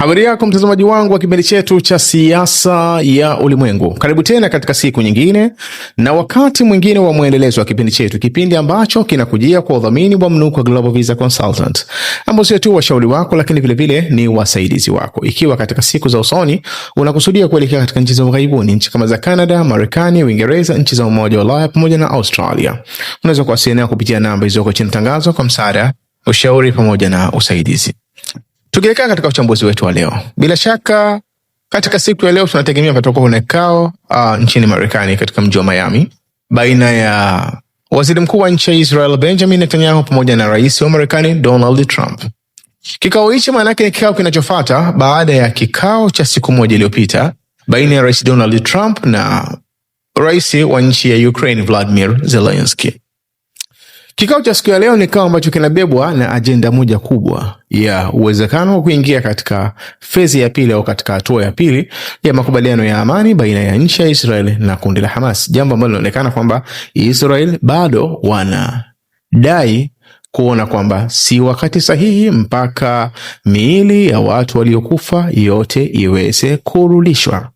Habari yako mtazamaji wangu wa kipindi chetu cha siasa ya ulimwengu, karibu tena katika siku nyingine na wakati mwingine wa mwendelezo wa kipindi chetu, kipindi ambacho kinakujia kwa udhamini wa Mnuko Global Visa Consultant, ambao sio tu washauri wako, lakini vilevile ni wasaidizi wako. Ikiwa katika siku za usoni unakusudia kuelekea katika nchi za ughaibuni, nchi kama za Canada, Marekani, Uingereza, nchi za Umoja wa Ulaya pamoja na Australia, unaweza kuwasiliana kupitia namba izoko chini tangazo kwa msaada, ushauri pamoja na usaidizi. Tukielekea katika uchambuzi wetu wa leo, bila shaka katika siku ya leo tunategemea patakuwa kuna kikao uh, nchini Marekani katika mji wa Miami baina ya waziri mkuu wa nchi ya Israel Benjamin Netanyahu pamoja na rais wa Marekani Donald Trump. Kikao hichi maana yake ni kikao kinachofata baada ya kikao cha siku moja iliyopita baina ya rais Donald Trump na rais wa nchi ya Ukraine Vladimir Zelensky. Kikao cha siku ya leo ni kikao ambacho kinabebwa na ajenda moja kubwa ya uwezekano wa kuingia katika fezi ya pili au katika hatua ya pili ya makubaliano ya amani baina ya nchi ya Israel na kundi la Hamas, jambo ambalo linaonekana kwamba Israel bado wanadai kuona kwamba si wakati sahihi mpaka miili ya watu waliokufa yote iweze kurudishwa.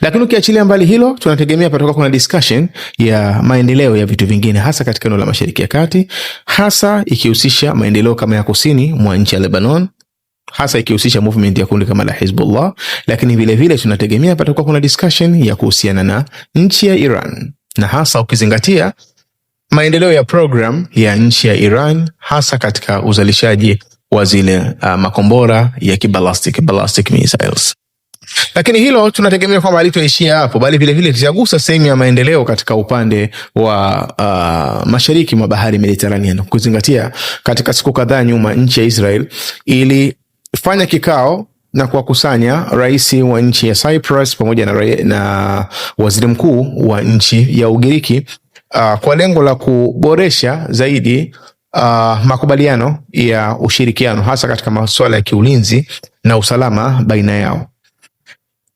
Lakini ukiachilia mbali hilo, tunategemea patakuwa kuna discussion ya maendeleo ya vitu vingine, hasa katika eneo la Mashariki ya Kati, hasa ikihusisha maendeleo kama ya kusini mwa nchi ya Lebanon hasa ikihusisha movement ya kundi kama la Hezbollah, lakini vilevile tunategemea patakuwa kuna discussion ya kuhusiana na nchi ya Iran, na hasa ukizingatia maendeleo ya program ya nchi ya Iran, hasa katika uzalishaji wa zile uh, makombora ya kibalastic, ballistic missiles. Lakini hilo tunategemea kwamba alitoishia hapo, bali vilevile litagusa sehemu ya maendeleo katika upande wa uh, mashariki mwa bahari mediteranean kuzingatia katika siku kadhaa nyuma nchi ya Israel ilifanya kikao na kuwakusanya rais wa nchi ya Cyprus pamoja na, na waziri mkuu wa nchi ya Ugiriki uh, kwa lengo la kuboresha zaidi Uh, makubaliano ya ushirikiano hasa katika masuala ya kiulinzi na usalama baina yao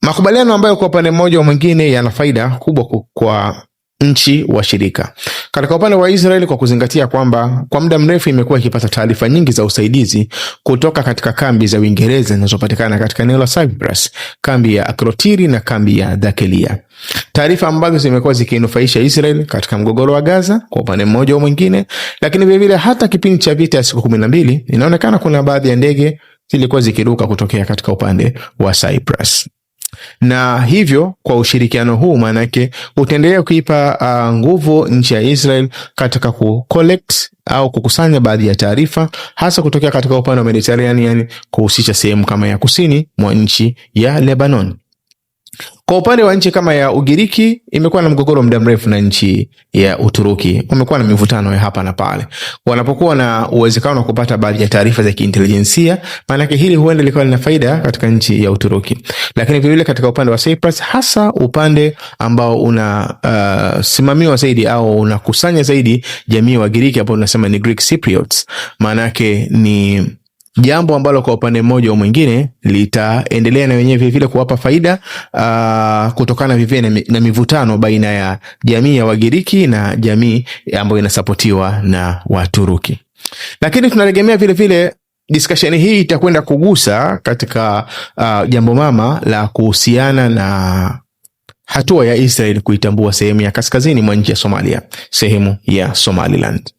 makubaliano ambayo kwa upande mmoja au mwingine yana faida kubwa kwa nchi washirika. Katika upande wa Israel, kwa kuzingatia kwamba kwa muda mrefu imekuwa ikipata taarifa nyingi za usaidizi kutoka katika kambi za Uingereza zinazopatikana katika eneo la Cyprus, kambi ya Akrotiri na kambi ya Dhakelia, taarifa ambazo zimekuwa zikinufaisha Israel katika mgogoro wa Gaza kwa upande mmoja au mwingine. Lakini vilevile hata kipindi cha vita ya siku kumi na mbili inaonekana kuna baadhi ya ndege zilikuwa zikiruka kutokea katika upande wa Cyprus na hivyo kwa ushirikiano huu maanake utaendelea kuipa uh, nguvu nchi ya Israel katika ku au kukusanya baadhi ya taarifa hasa kutokea katika upande wa Mediterranean, yani kuhusisha sehemu kama ya kusini mwa nchi ya Lebanon. Kwa upande wa nchi kama ya Ugiriki imekuwa na mgogoro muda mrefu na nchi ya Uturuki, umekuwa na mivutano ya hapa na pale. Wanapokuwa na uwezekano wa kupata baadhi ya taarifa za kiintelijensia, maanake hili huenda likawa lina faida katika nchi ya Uturuki. Lakini vilevile katika upande wa Cyprus, hasa upande ambao unasimamiwa uh, zaidi au unakusanya zaidi jamii ya Wagiriki ambao tunasema ni Greek Cypriots, maanake ni jambo ambalo kwa upande mmoja au mwingine litaendelea na wenyewe vilevile kuwapa faida uh, kutokana vivile na mivutano baina ya jamii ya Wagiriki na jamii ambayo inasapotiwa na Waturuki. Lakini tunategemea vilevile discussion hii itakwenda kugusa katika uh, jambo mama la kuhusiana na hatua ya Israel kuitambua sehemu ya kaskazini mwa nchi ya Somalia, sehemu ya Somaliland.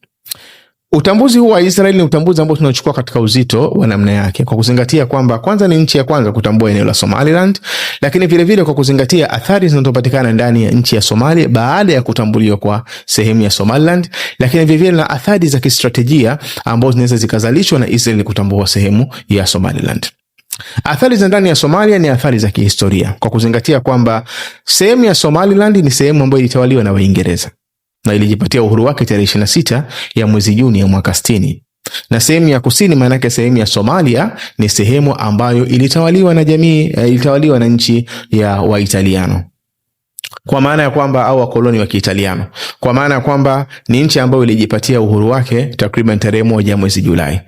Utambuzi huu wa Israeli ni utambuzi ambao tunachukua katika uzito wa namna yake kwa kuzingatia kwamba kwanza ni nchi ya kwanza kutambua eneo la Somaliland, lakini vilevile vile kwa kuzingatia athari zinazopatikana ndani ya nchi ya Somalia baada ya kutambuliwa kwa sehemu ya Somaliland, lakini vilevile na athari za kistratejia ambazo zinaweza zikazalishwa na Israeli kutambua sehemu ya Somaliland. Athari za ndani ya Somalia ni athari za kihistoria kwa kuzingatia kwamba sehemu ya Somaliland ni sehemu ambayo ilitawaliwa na Waingereza na ilijipatia uhuru wake tarehe 26 ya mwezi Juni ya mwaka 60. Na sehemu ya kusini maana yake sehemu ya Somalia ni sehemu ambayo ilitawaliwa na jamii, eh, ilitawaliwa na nchi ya Waitaliano kwa maana ya kwamba au wakoloni wa Kiitaliano, kwa maana ya kwamba ni nchi ambayo ilijipatia uhuru wake takriban tarehe moja mwezi Julai.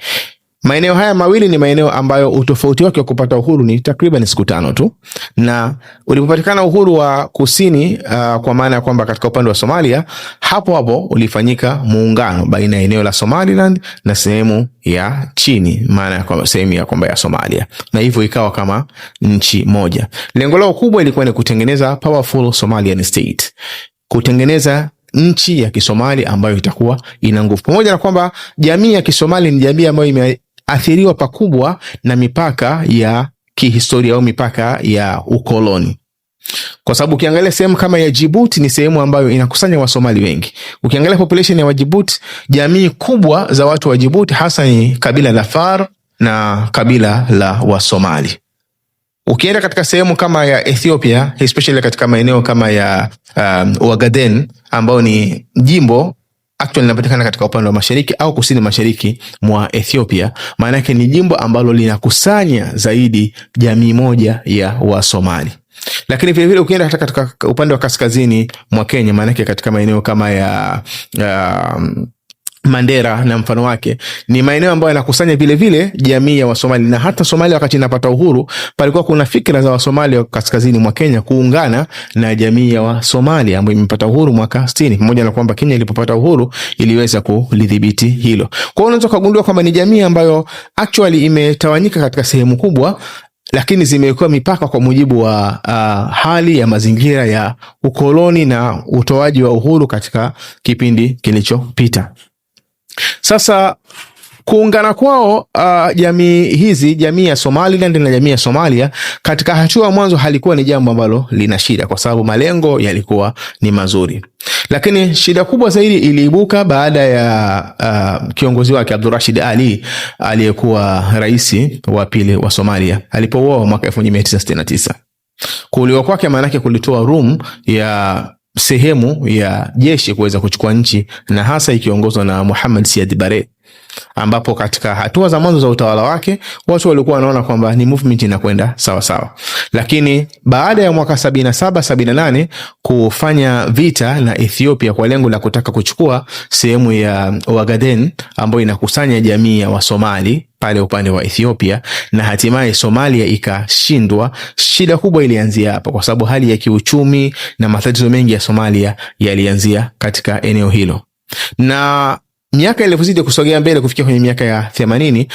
Maeneo haya mawili ni maeneo ambayo utofauti wake wa kupata uhuru ni takriban siku tano tu, na ulipopatikana uhuru wa kusini uh, kwa maana ya kwamba katika upande wa Somalia, hapo hapo ulifanyika muungano baina ya eneo la Somaliland na sehemu ya chini, maana ya kwamba sehemu ya kwamba ya Somalia, na hivyo ikawa kama nchi moja. Lengo lao kubwa ilikuwa ni kutengeneza powerful Somalian state, kutengeneza nchi ya Kisomali ambayo itakuwa ina nguvu, pamoja na kwamba jamii ya Kisomali ni jamii ambayo ime athiriwa pakubwa na mipaka ya kihistoria au mipaka ya ukoloni kwa sababu ukiangalia sehemu kama ya Djibouti ni sehemu ambayo inakusanya Wasomali wengi. Ukiangalia population ya Wajibuti, jamii kubwa za watu wa Jibuti hasa ni kabila la Far na kabila la Wasomali. Ukienda katika sehemu kama ya Ethiopia, especially katika maeneo kama ya um, Ogaden ambayo ni jimbo actually linapatikana katika upande wa mashariki au kusini mashariki mwa Ethiopia. Maana yake ni jimbo ambalo linakusanya zaidi jamii moja ya Wasomali lakini vilevile ukienda hata katika upande wa kaskazini mwa Kenya, maanake katika maeneo kama ya, ya Mandera na mfano wake ni maeneo ambayo yanakusanya vilevile jamii ya Wasomali na hata Somalia wakati inapata uhuru, palikuwa kuna fikra za Wasomali wa kaskazini mwa Kenya kuungana na jamii ya Wasomali ambayo imepata uhuru mwaka 60 pamoja na kwamba Kenya ilipopata uhuru iliweza kulidhibiti hilo. Kwa hiyo unaweza kugundua kwamba ni jamii ambayo actually imetawanyika katika sehemu kubwa lakini zimewekewa mipaka kwa mujibu wa uh, hali ya mazingira ya ukoloni na utoaji wa uhuru katika kipindi kilichopita. Sasa kuungana kwao uh, jamii hizi, jamii ya Somaliland na jamii ya Somalia katika hatua ya mwanzo halikuwa ni jambo ambalo lina shida, kwa sababu malengo yalikuwa ni mazuri, lakini shida kubwa zaidi iliibuka baada ya uh, kiongozi wake Abdurashid Ali aliyekuwa rais wa pili wa Somalia alipouawa mwaka 1969. Kuuliwa kwake maanake kulitoa room ya sehemu ya jeshi kuweza kuchukua nchi na hasa ikiongozwa na Muhammad Siad Barre ambapo katika hatua za mwanzo za utawala wake watu walikuwa wanaona kwamba ni movement inakwenda sawa sawa, lakini baada ya mwaka 77 nane kufanya vita na Ethiopia kwa lengo la kutaka kuchukua sehemu ya Wagaden ambayo inakusanya jamii ya Wasomali pale upande wa Ethiopia na hatimaye Somalia ikashindwa. Shida kubwa ilianzia hapa, kwa sababu hali ya kiuchumi na matatizo mengi ya Somalia yalianzia katika eneo hilo na Miaka ilivyozidi kusogea mbele kufikia kwenye miaka ya themanini,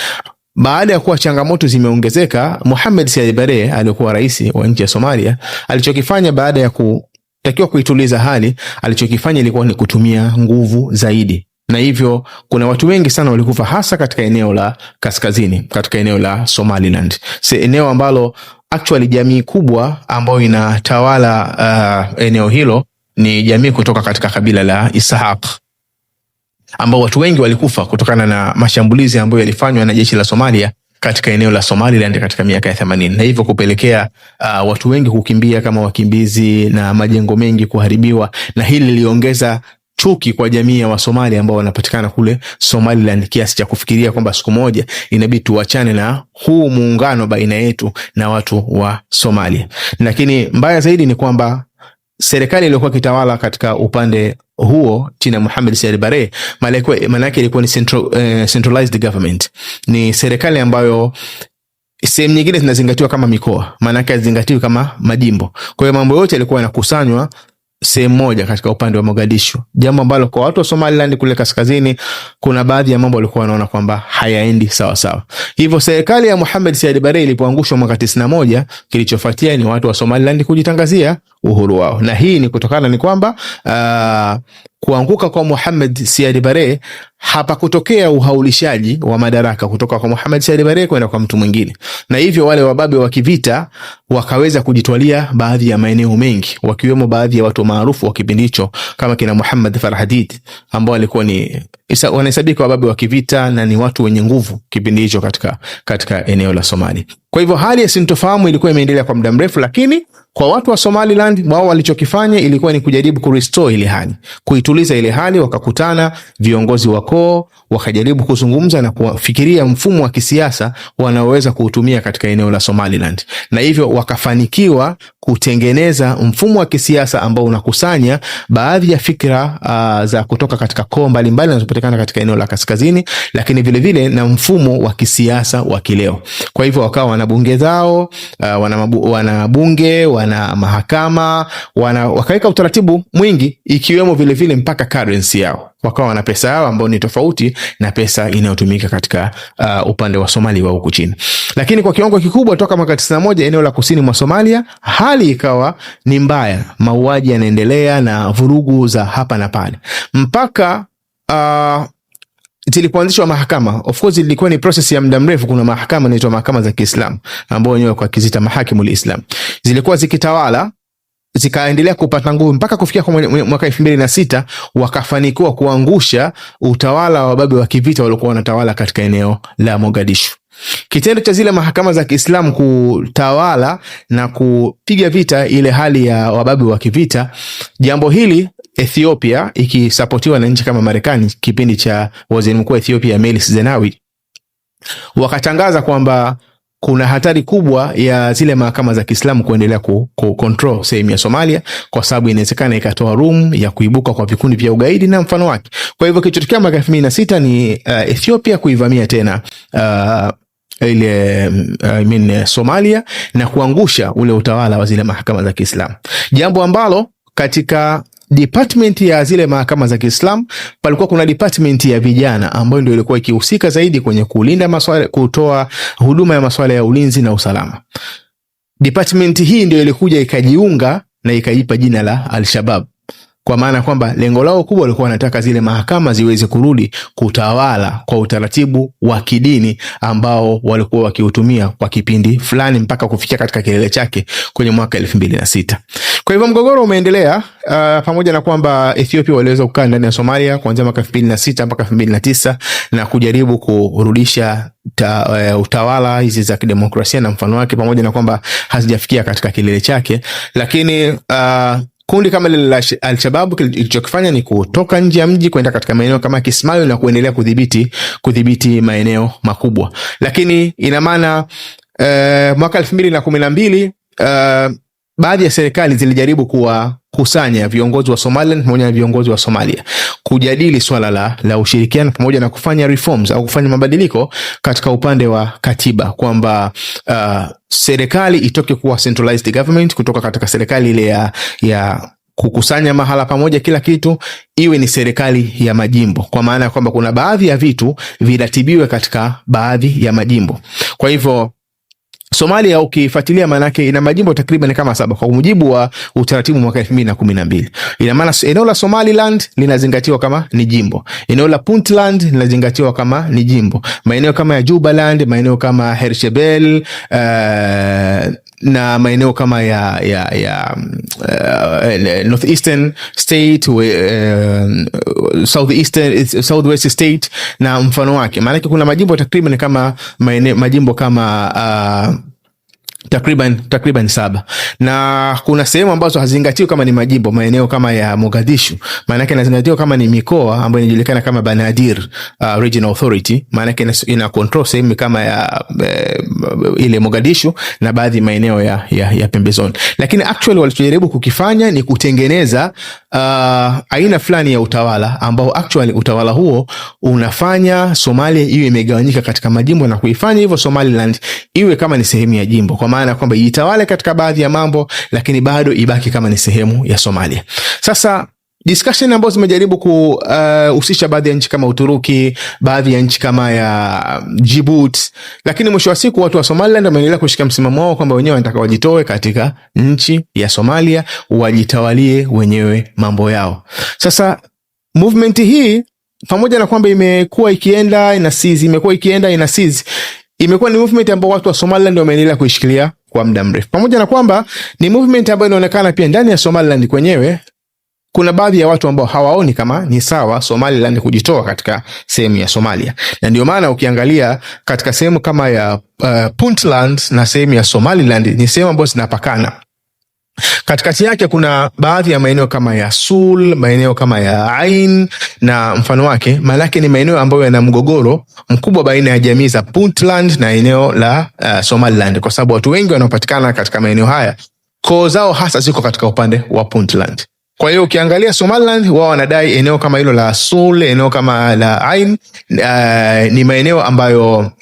baada ya kuwa changamoto zimeongezeka, Mohamed Siad Barre aliyekuwa rais wa nchi ya Somalia alichokifanya baada ya kutakiwa kuituliza hali, alichokifanya ilikuwa ni kutumia nguvu zaidi, na hivyo kuna watu wengi sana walikufa, hasa katika eneo la kaskazini, katika eneo la Somaliland, si eneo ambalo actually jamii kubwa ambayo inatawala uh, eneo hilo ni jamii kutoka katika kabila la Isahaq ambao watu wengi walikufa kutokana na mashambulizi ambayo yalifanywa na jeshi la Somalia katika eneo la Somaliland katika miaka ya themanini na hivyo kupelekea uh, watu wengi kukimbia kama wakimbizi na majengo mengi kuharibiwa, na hili liliongeza chuki kwa jamii ya Wasomali ambao wanapatikana kule Somaliland kiasi cha kufikiria kwamba siku moja inabidi tuachane na huu muungano baina yetu na watu wa Somalia. Lakini mbaya zaidi ni kwamba serikali iliyokuwa kitawala katika upande huo chini ya Mohamed Siad Barre, maana yake ilikuwa ni central, uh, centralized government, ni serikali ambayo sehemu nyingine zinazingatiwa kama mikoa, maana yake hazingatiwi kama majimbo. Kwa hiyo mambo yote yalikuwa yanakusanywa sehemu moja katika upande wa Mogadishu, jambo ambalo kwa watu wa Somaliland kule kaskazini, kuna baadhi ya mambo walikuwa wanaona kwamba hayaendi sawa sawa. Hivyo serikali ya Mohamed Siad Barre ilipoangushwa mwaka 91, kilichofuatia ni watu wa Somaliland kujitangazia uhuru wao, na hii ni kutokana ni kwamba uh, kuanguka kwa Mohamed Siad Barre hapakutokea uhaulishaji wa madaraka kutoka kwa Mohamed Siad Barre kwenda kwa mtu mwingine, na hivyo wale wababe wa kivita wakaweza kujitwalia baadhi ya maeneo mengi, wakiwemo baadhi ya watu maarufu wa kipindi hicho kama kina Muhammad Farhadid ambao walikuwa ni wanahesabika wababe wa kivita na ni watu wenye nguvu kipindi hicho katika, katika eneo la Somalia. Kwa hivyo hali ya sintofahamu ilikuwa imeendelea kwa muda mrefu, lakini kwa watu wa Somaliland, wao walichokifanya ilikuwa ni kujaribu kurestore ile hali, kuituliza ile hali. Wakakutana viongozi wa koo, wakajaribu kuzungumza na kufikiria mfumo wa kisiasa wanaoweza kuutumia katika eneo la Somaliland, na hivyo wakafanikiwa kutengeneza mfumo wa kisiasa ambao unakusanya baadhi ya fikra uh, za kutoka katika koo mbalimbali zinazopatikana katika eneo la kaskazini, lakini vilevile vile na mfumo wa kisiasa wa kileo. Kwa hivyo wakawa wana bunge zao uh, wana, wana bunge wana mahakama wana, wakaweka utaratibu mwingi ikiwemo vilevile vile mpaka currency yao wakawa wana pesa yao ambayo ni tofauti na pesa inayotumika katika uh, upande wa Somalia wa huku chini. Lakini kwa kiwango kikubwa toka mwaka moja eneo la kusini mwa Somalia hali ikawa ni mbaya, mauaji yanaendelea na vurugu za hapa na pale mpaka uh, zilipoanzishwa mahakama. Of course ilikuwa ni process ya muda mrefu. Kuna mahakama inaitwa mahakama za Kiislamu ambayo wenyewe kwa kizita mahakimu liislam zilikuwa zikitawala zikaendelea kupata nguvu mpaka kufikia kwa mwaka elfu mbili na sita wakafanikiwa kuangusha utawala wa wababe wa kivita waliokuwa wanatawala katika eneo la Mogadishu. Kitendo cha zile mahakama za Kiislamu kutawala na kupiga vita ile hali ya wababe wa kivita, jambo hili Ethiopia ikisapotiwa na nchi kama Marekani kipindi cha waziri mkuu wa Ethiopia Melis Zenawi wakatangaza kwamba kuna hatari kubwa ya zile mahakama za Kiislamu kuendelea kukontrol ku sehemu ya Somalia, kwa sababu inawezekana ikatoa room ya kuibuka kwa vikundi vya ugaidi na mfano wake. Kwa hivyo kilichotokea mwaka elfu mbili na sita ni uh, Ethiopia kuivamia tena uh, ile uh, I mean, Somalia na kuangusha ule utawala wa zile mahakama za Kiislamu, jambo ambalo katika department ya zile mahakama za Kiislamu palikuwa kuna department ya vijana ambayo ndio ilikuwa ikihusika zaidi kwenye kulinda maswala, kutoa huduma ya maswala ya ulinzi na usalama. Department hii ndio ilikuja ikajiunga na ikaipa jina la Alshabab kwa maana kwamba lengo lao kubwa walikuwa wanataka zile mahakama ziweze kurudi kutawala kwa utaratibu wa kidini ambao walikuwa wakiutumia kwa kipindi fulani mpaka kufikia katika kilele chake kwenye mwaka elfu mbili na sita. Kwa hivyo mgogoro umeendelea uh, pamoja na kwamba Ethiopia waliweza kukaa ndani ya Somalia kuanzia mwaka elfu mbili na sita mpaka elfu mbili na tisa na kujaribu kurudisha ta, uh, utawala hizi za kidemokrasia na mfano wake, pamoja na kwamba hazijafikia katika kilele chake, lakini uh, Kundi kama lile la Alshababu kilichokifanya ni kutoka nje ya mji kwenda katika maeneo kama Kismayo na kuendelea kudhibiti kudhibiti maeneo makubwa, lakini ina maana uh, mwaka elfu mbili na kumi na mbili uh, baadhi ya serikali zilijaribu kuwakusanya viongozi wa Somaliland pamoja na viongozi wa Somalia kujadili swala la, la ushirikiano pamoja na kufanya reforms au kufanya mabadiliko katika upande wa katiba kwamba uh, serikali itoke kuwa centralized government kutoka katika serikali ile ya, ya kukusanya mahala pamoja kila kitu, iwe ni serikali ya majimbo, kwa maana ya kwamba kuna baadhi ya vitu viratibiwe katika baadhi ya majimbo. Kwa hivyo Somalia ukifuatilia, maanake ina majimbo takriban kama saba kwa mujibu wa utaratibu mwaka elfu mbili na na kumi mbili. Ina maana eneo la Somaliland linazingatiwa kama ni jimbo, eneo la Puntland linazingatiwa kama ni jimbo, maeneo kama ya Jubaland, maeneo kama Hershebel uh, na maeneo kama ya, ya, ya uh, Northeastern State uh, Southeastern, Southwest State na mfano wake, maanake kuna majimbo takriban kama maeneo, majimbo kama uh, takriban takriban saba na kuna sehemu ambazo hazingatiwi kama ni majimbo, maeneo kama ya Mogadishu, maana yake inazingatiwa kama ni mikoa ambayo inajulikana kama Banadir uh, Regional Authority, maana yake ina control sehemu kama ya uh, ile Mogadishu na baadhi maeneo ya, ya, ya pembezoni, lakini actually walichojaribu kukifanya ni kutengeneza uh, aina fulani ya utawala ambao actually utawala huo unafanya Somalia iwe imegawanyika katika majimbo na kuifanya hivyo Somaliland iwe kama ni sehemu ya jimbo, kwa maana kwamba itawale katika baadhi ya mambo, lakini bado ibaki kama ni sehemu ya Somalia. Sasa discussion ambazo zimejaribu kuhusisha uh, baadhi ya nchi kama Uturuki, baadhi ya nchi kama ya um, Djibouti, lakini mwisho wa siku watu wa Somaliland wameendelea kushika msimamo wao kwamba wenyewe wanataka wajitoe katika nchi ya Somalia, wajitawalie wenyewe mambo yao. Sasa movement hii pamoja na kwamba imekuwa ikienda ina seize, imekuwa ikienda ina seize, imekuwa ni movement ambayo watu wa Somaliland wameendelea kuishikilia kwa muda mrefu, pamoja na kwamba ni movement ambayo inaonekana pia ndani ya Somaliland kwenyewe kuna baadhi ya watu ambao hawaoni kama ni sawa Somaliland kujitoa katika sehemu ya Somalia, na ndio maana ukiangalia katika sehemu kama ya uh, Puntland na sehemu ya Somaliland ni sehemu ambazo zinapakana katikati yake kuna baadhi ya maeneo kama ya Sul, maeneo kama ya Ain na mfano wake. Maanake ni maeneo ambayo yana mgogoro mkubwa baina ya jamii za Puntland na eneo la uh, Somaliland, kwa sababu watu wengi wanaopatikana katika maeneo haya koo zao hasa ziko katika upande wa Puntland. Kwa hiyo ukiangalia Somaliland wao wanadai eneo kama hilo la sul eneo kama la Ain uh, ni maeneo ambayo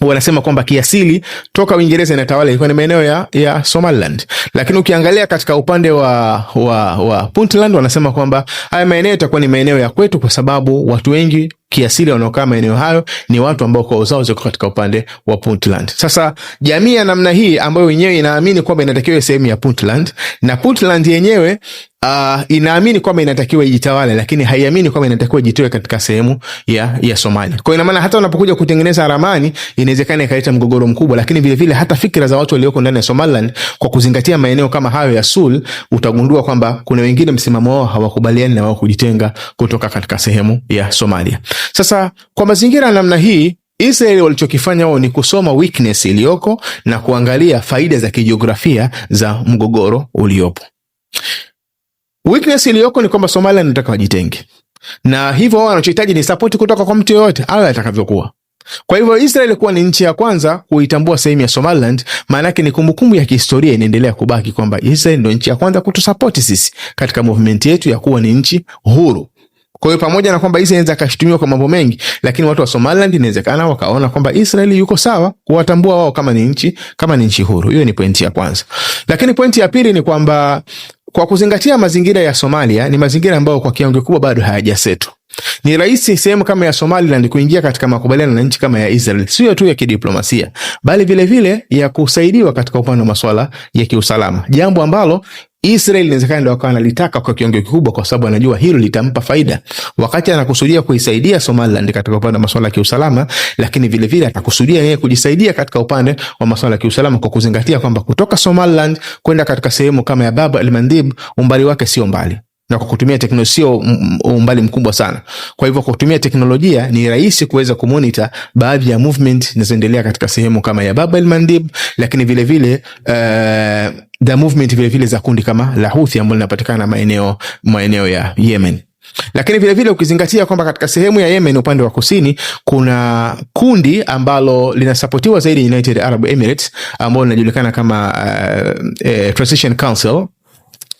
wanasema kwamba kiasili toka Uingereza inatawala ilikuwa ni maeneo ya, ya Somaliland, lakini ukiangalia katika upande wa, wa, wa Puntland wanasema kwamba haya maeneo itakuwa ni maeneo ya kwetu, kwa sababu watu wengi kiasili wanaokaa maeneo hayo ni watu ambao koo zao ziko katika upande wa Puntland. Sasa jamii ya namna hii ambayo yenyewe inaamini kwamba inatakiwa sehemu ya Puntland na Puntland yenyewe uh, inaamini kwamba inatakiwa ijitawale, lakini haiamini kwamba inatakiwa ijitoe katika sehemu ya, ya Somalia. Kwa hiyo ina maana hata unapokuja kutengeneza ramani inawezekana ikaleta mgogoro mkubwa, lakini vile vile hata fikira za watu walioko ndani ya Somaliland kwa kuzingatia maeneo kama hayo ya Sul, utagundua kwamba kuna wengine msimamo wao hawakubaliani na wao kujitenga kutoka katika sehemu ya Somalia. Sasa kwa mazingira namna hii Israeli walichokifanya wao ni kusoma weakness iliyoko na kuangalia faida za kijiografia za mgogoro uliopo. Weakness iliyoko ni kwamba Somalia inataka wajitenge, na hivyo wao wanachohitaji ni sapoti kutoka kwa mtu yoyote awe atakavyokuwa. Kwa hivyo Israel kuwa ni nchi ya kwanza kuitambua sehemu ya Somaliland, maanake ni kumbukumbu ya kihistoria inaendelea kubaki kwamba Israel ndo nchi ya kwanza kutusapoti sisi katika movement yetu ya kuwa ni nchi huru. Kwa hiyo pamoja na kwamba Israel inaweza kashutumiwa kwa mambo mengi, lakini watu wa Somaliland inawezekana wakaona kwamba Israel yuko sawa kuwatambua wao kama ni nchi, kama ni nchi huru. Hiyo ni pointi ya kwanza, lakini pointi ya pili ni kwamba kwa kuzingatia mazingira ya Somalia, ni mazingira ambayo kwa kiwango kikubwa bado hayajaseto Ni rahisi sehemu kama ya Somaliland kuingia katika makubaliano na nchi kama ya Israel, sio tu ya kidiplomasia, bali vilevile ya kusaidiwa katika upande wa masuala ya kiusalama, jambo ambalo Israel inawezekana ndio akawa analitaka kwa kiwango kikubwa, kwa sababu anajua hilo litampa faida wakati anakusudia kuisaidia Somaliland katika upande wa masuala ya kiusalama, lakini vile vile atakusudia yeye kujisaidia katika upande wa masuala ya kiusalama, kwa kuzingatia kwamba kutoka Somaliland kwenda katika sehemu kama ya Bab el Mandeb umbali wake sio mbali na kwa kutumia teknolojia umbali mkubwa sana. Kwa hivyo, kwa kutumia teknolojia ni rahisi kuweza kumonita baadhi ya movement zinazoendelea katika sehemu kama ya Bab el Mandeb, lakini vilevile vile, uh, the movement vilevile za kundi kama la Houthi ambalo linapatikana maeneo maeneo ya Yemen lakini vile vile ukizingatia kwamba katika sehemu ya Yemen upande wa kusini kuna kundi ambalo linasapotiwa zaidi United Arab Emirates ambalo linajulikana kama uh, eh, Transition Council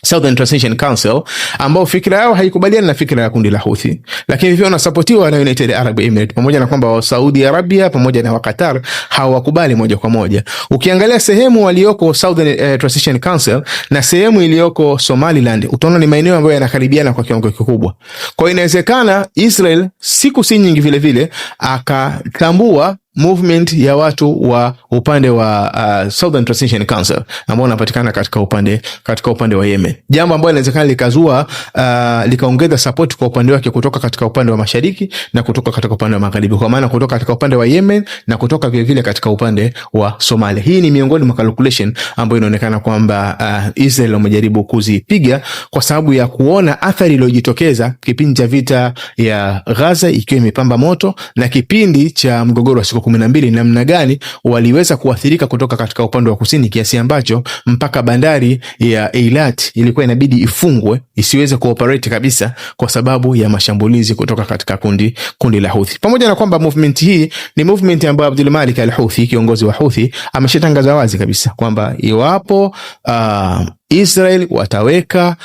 Southern Transition Council ambao fikira yao haikubaliani na fikira ya kundi la Houthi, lakini pia wanasapotiwa na United Arab Emirates, pamoja na kwamba wa Saudi Arabia pamoja na wa Qatar hawakubali moja kwa moja. Ukiangalia sehemu walioko Southern uh, Transition Council na sehemu iliyoko Somaliland, utaona ni maeneo ambayo yanakaribiana kwa kiwango kikubwa. Kwa hiyo inawezekana Israel siku si nyingi vile vile akatambua movement ya watu wa upande wa uh, Southern Transition Council ambao wanapatikana katika upande katika upande wa Yemen, jambo ambalo inawezekana likazua uh, likaongeza support kwa upande wake kutoka katika upande wa mashariki na kutoka katika upande wa magharibi, kwa maana kutoka katika upande wa Yemen na kutoka vile vile katika upande wa Somalia. Hii ni miongoni mwa calculation ambayo inaonekana kwamba uh, Israel wamejaribu kuzipiga kwa sababu ya kuona athari iliyojitokeza kipindi cha vita ya Gaza ikiwa imepamba moto na kipindi cha mgogoro wa siku kumi na mbili namna gani waliweza kuathirika kutoka katika upande wa kusini kiasi ambacho mpaka bandari ya Eilat ilikuwa inabidi ifungwe isiweze kuoperate kabisa kwa sababu ya mashambulizi kutoka katika kundi, kundi la Houthi. Pamoja na kwamba movement hii ni movement ambayo Abdul Malik al-Houthi kiongozi wa Houthi ameshatangaza wazi kabisa kwamba iwapo uh, Israel wataweka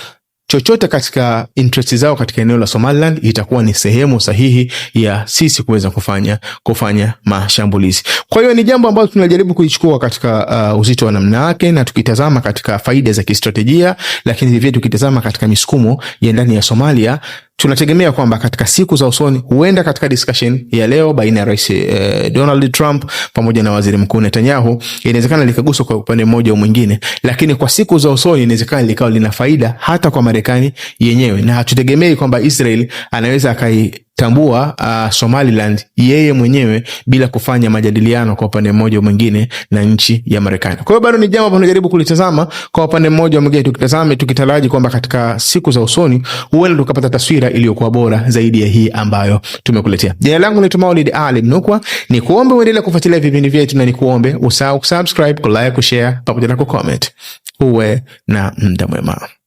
chochote katika interest zao katika eneo la Somaliland itakuwa ni sehemu sahihi ya sisi kuweza kufanya kufanya mashambulizi. Kwa hiyo ni jambo ambalo tunajaribu kuichukua katika uh, uzito wa namna yake, na tukitazama katika faida za kistratejia, lakini vivyo tukitazama katika misukumo ya ndani ya Somalia tunategemea kwamba katika siku za usoni huenda katika discussion ya leo baina ya rais eh, Donald Trump pamoja na waziri mkuu Netanyahu inawezekana likaguswa kwa upande mmoja au mwingine, lakini kwa siku za usoni inawezekana likawa lina faida hata kwa Marekani yenyewe, na hatutegemei kwamba Israel anaweza akai tambua uh, Somaliland yeye mwenyewe bila kufanya majadiliano kwa upande mmoja mwingine na nchi ya Marekani. Kwa hiyo bado ni jambo ambalo tunajaribu kulitazama kwa upande mmoja mwingine, tukitazame tukitaraji kwamba katika siku za usoni huenda tukapata taswira iliyokuwa bora zaidi ya hii ambayo tumekuletea. Jina langu ni Maulid Ali Mnukwa, ni kuombe uendelee kufuatilia vipindi vyetu na ni kuombe usahau kusubscribe, kulike, kushare pamoja na kucomment. Uwe na muda mwema.